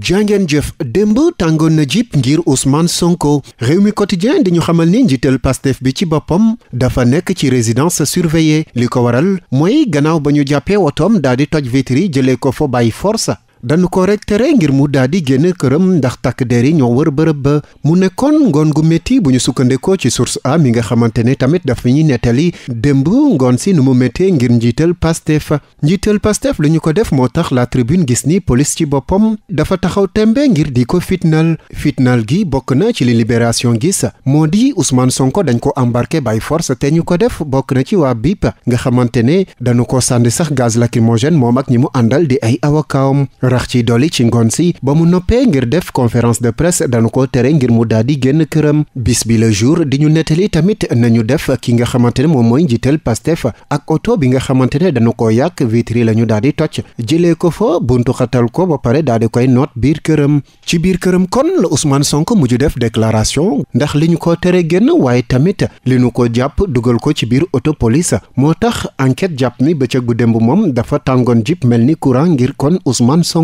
jàngeen jëf démb tàngoon na jip ngir Ousmane Sonko réew mi quotidien di ñu xamal ni njiital pastef bi ci boppam dafa nekk ci résidence surveillée li ko waral mooy gannaaw ba ñu jàppee wotoom daal di toj vitre yi jëlee ko fa bàyyi force danu ko rek tere ngir mu daal di génn këram ndax takk der yi ñoo wër bërëb ba mu nekkoon ngoon gu métti bu ñu sukkandikoo ci source am mi nga xamante ne tamit dafa ñuy nettali démb ngoon si nu mu méttee ngir njiital pastef njiital pastef lu ñu ko def moo tax la tribune gis ni police ci boppam dafa taxaw tembee ngir di ko fitnal fitnal gi bokk na ci li libération gis moo di Ousmane Sonko dañ ko embarqué by force te ñu ko def bokk na ci waa BIP nga xamante ne dañu ko sànni sax gaz lacrymogène moom ak ñi mu àndal di ay awakaawam rax ci dolli ci ngoon si ba mu noppee ngir def conférence de presse dañu ko tere ngir mu daal di génn këram bis bi le jour di ñu nettali tamit nañu def ki nga xamante ne moom mooy njiital Pastef ak oto bi nga xamante ne dañu ko yàq vitre la ñu daal di toj jëlee ko fa buntu xatal ko ba pare daal di koy noot biir këram ci biir këram kon la sonk mu ju def déclaration ndax li ñu ko tere génn waaye tamit li ñu ko jàpp dugal ko ci biir auto police moo tax enquête jàpp mi ba démb moom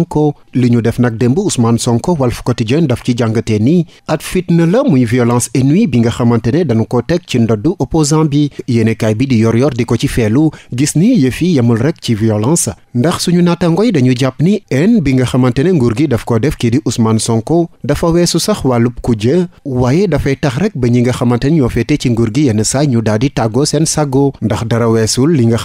Sonko li ñu def nag démb Ousmane Sonko Walf Quotidien daf ci jàngatee nii at fitna la muy violence inouïe bi nga xamante ne dañu ko teg ci ndoddu opposant bi yéenekaay bi di yor yor di ko ci feelu gis ni yëf yi yemul rek ci violence ndax suñu naataango yi dañu jàpp ni haine bi nga xamante ne nguur gi daf ko def kii di Ousmane Sonko dafa weesu sax wàllub kujje waaye dafay tax rek ba ñi nga xamante ne yoo féete ci nguur gi yenn saa ñu daal di tàggoo seen sago ndax dara weesul li nga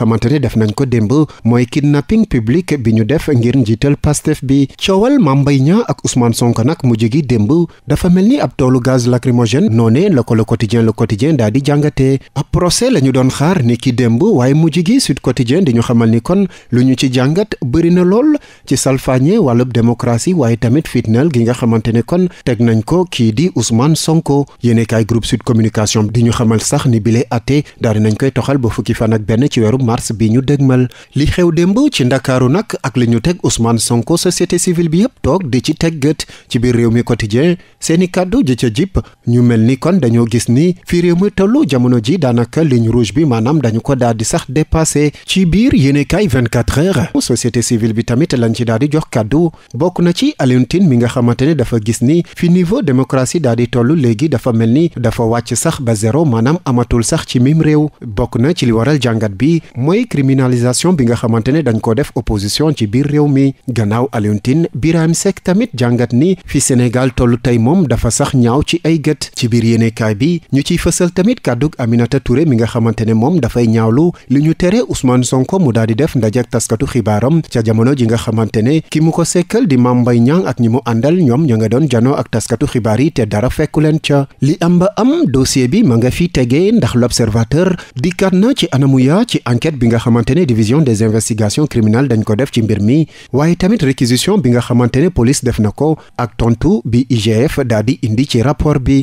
pastef bi coowal Mame Mbaye Niang ak usmaan Sonko nag mujj gi démb dafa mel ni ab toolu gaz lacrymogène noonee la ko le quotidien le quotidien daal di jàngatee ab procès la ñu doon xaar ni ki démb waaye mujj gi sud quotidien di ñu xamal ni kon lu ñu ci jàngat bëri na lool ci salfaañe wàllub démocratie waaye tamit fitnaal gi nga xamante ne kon teg nañ ko kii di Ousmane Sonko yéene kaay groupe sud communication di ñu xamal sax ni bile atte daal nañ koy toxal ba fukki fan ak benn ci weeru mars bi ñu dëgmal li xew démb ci ndakaaru nag ak li ñu teg Ousmane Sonko Sonko société civile bi yëpp toog di ci teg ci biir réew mi quotidien seeni kàddu ji ca jip ñu mel ni kon dañoo gis ni fii réew mi tollu jamono ji daanaka ligne rouge bi maanaam dañu ko daal di sax dépassé ci biir yéenekaay 24 heures société civile bi tamit lañ ci daal di jox kàddu bokk na ci Alioune bi nga xamante ne dafa gis ni fi niveau démocratie daal di toll léegi dafa mel ni dafa wàcc sax ba zéro maanaam amatul sax ci mim réew bokk na ci li waral jàngat bi mooy criminalisation bi nga xamante ne dañ ko def opposition ci réew mi gannaaw Alioune Tine Birahim Seck tamit jàngat ni fi Sénégal toll tey moom dafa sax ñaaw ci ay gët ci biir yéenekaay bi ñu ciy fësal tamit kàddug Aminata ture mi nga xamante ne moom dafay ñaawlu li ñu tere Ousmane Sonko mu daal di def ndajak taskatu xibaaram ca jamono ji nga xamante ne ki mu ko sekkal di Mame Mbaye Niang ak ñi mu àndal ñoom ña nga doon janoo ak taskatu xibaar yi te dara fekku leen ca li am ba am dossier bi ma nga fi tege ndax l'observateur dikkaat na ci anamu yaa ci enquête bi nga xamante ne division des investigations criminelles dañ ko def ci mbir mi réquisition bi nga xamante ne polis def na ko ak tontu bi IGF daal di indi ci rapport bi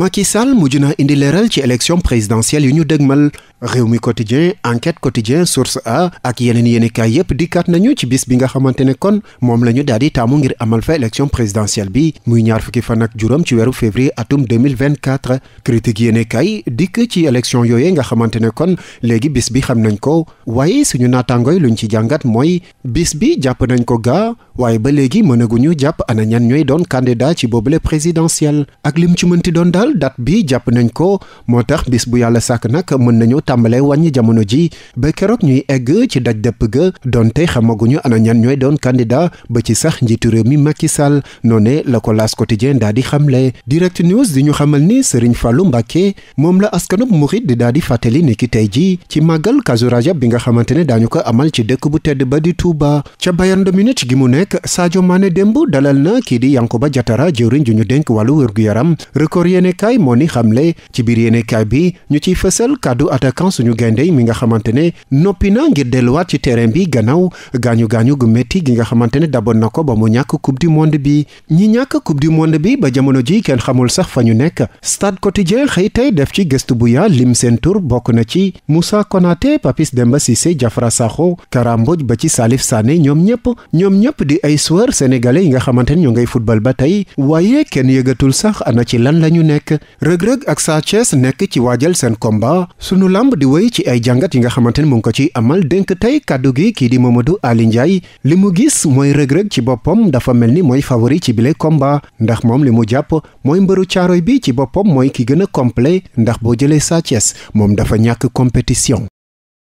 Macky Sall mujj na indi leeral ci élection présidentielle yu ñu dëgmal Rewmi Quotidien Enquête Quotidien Source A ak yeneen yéenekaay yépp dikkaat nañu ci bis bi nga xamante ne kon moom la ñu daal di taamu ngir amal fa élection présidentielle bi muy ñaar fukki fan ak juróom ci weeru février atum 2024 critique yéenekaay dikk ci élection yooyee nga xamante ne kon léegi bis bi xam nañ ko waaye suñu naataangooy luñ ci jàngat mooy bis bi jàpp nañ ko gaa waaye ba léegi mënaguñu jàpp ana ñan ñooy doon candidat ci boobule présidentielle ak lim ci mënti doon daal date bi jàpp nañ ko moo tax bis bu yàlla sàkk nag mën nañoo tàmbalee wàññi jamono ji ba keroog ñuy egg ci daj dëpp ga donte xamaguñu ana ñan ñooy doon candidat ba ci sax njiitu réew mi Macky Sall noone la ko L'As Quotidien daa di xamle direct news di ñu xamal ni Serigne Fallou Mbacké moom la askanub murit di daa di fàttali ni ki tey ji ci màggal Kazu Rajab bi nga xamante ne daañu ko amal ci dëkk bu tedd ba di Touba ca Bayern de Munich gi mu nekk Sadio Mané démb dalal na kii di Yankuba Jatara jëwriñ ju ñu dénk wàllu wér-gu-yaram record yéene kaay moo ni xamle ci biir yéene kaay bi attaquant suñu gayndey mi nga xamante ne noppi na ngir delluwaat ci terrain bi gannaaw gaañu-gaañu gu métti gi nga xamante ne daboon na ko ba mu ñàkk coupe du monde bi ñi ñàkk coupe du monde bi ba jamono ji kenn xamul sax fa ñu nekk stade quotidien xëy tey def ci gest bu yaa lim seen tur bokk na ci Moussa Konaté Papis Demba Cissé Diafra Sakho Kara Mbodj ba ci Salif sànni ñoom ñëpp ñoom ñëpp di ay joueur sénégalais yi nga xamante ne ñu ngay football ba tey waaye kenn yëgatul sax ana ci lan la ñu nekk Reug ak Sa Thiès nekk ci waajal seen combat Samb di wéy ci ay jàngat yi nga xamante ni moom ngi ko ci amal dénk tey kàddu gi kii di du Ali Ndiaye li mu gis mooy rëg-rëg ci boppam dafa mel ni mooy favori ci bile combat ndax moom li mu jàpp mooy mbëru caaroy bi ci boppam mooy ki gën a complet ndax boo jëlee Sa moom dafa ñàkk compétition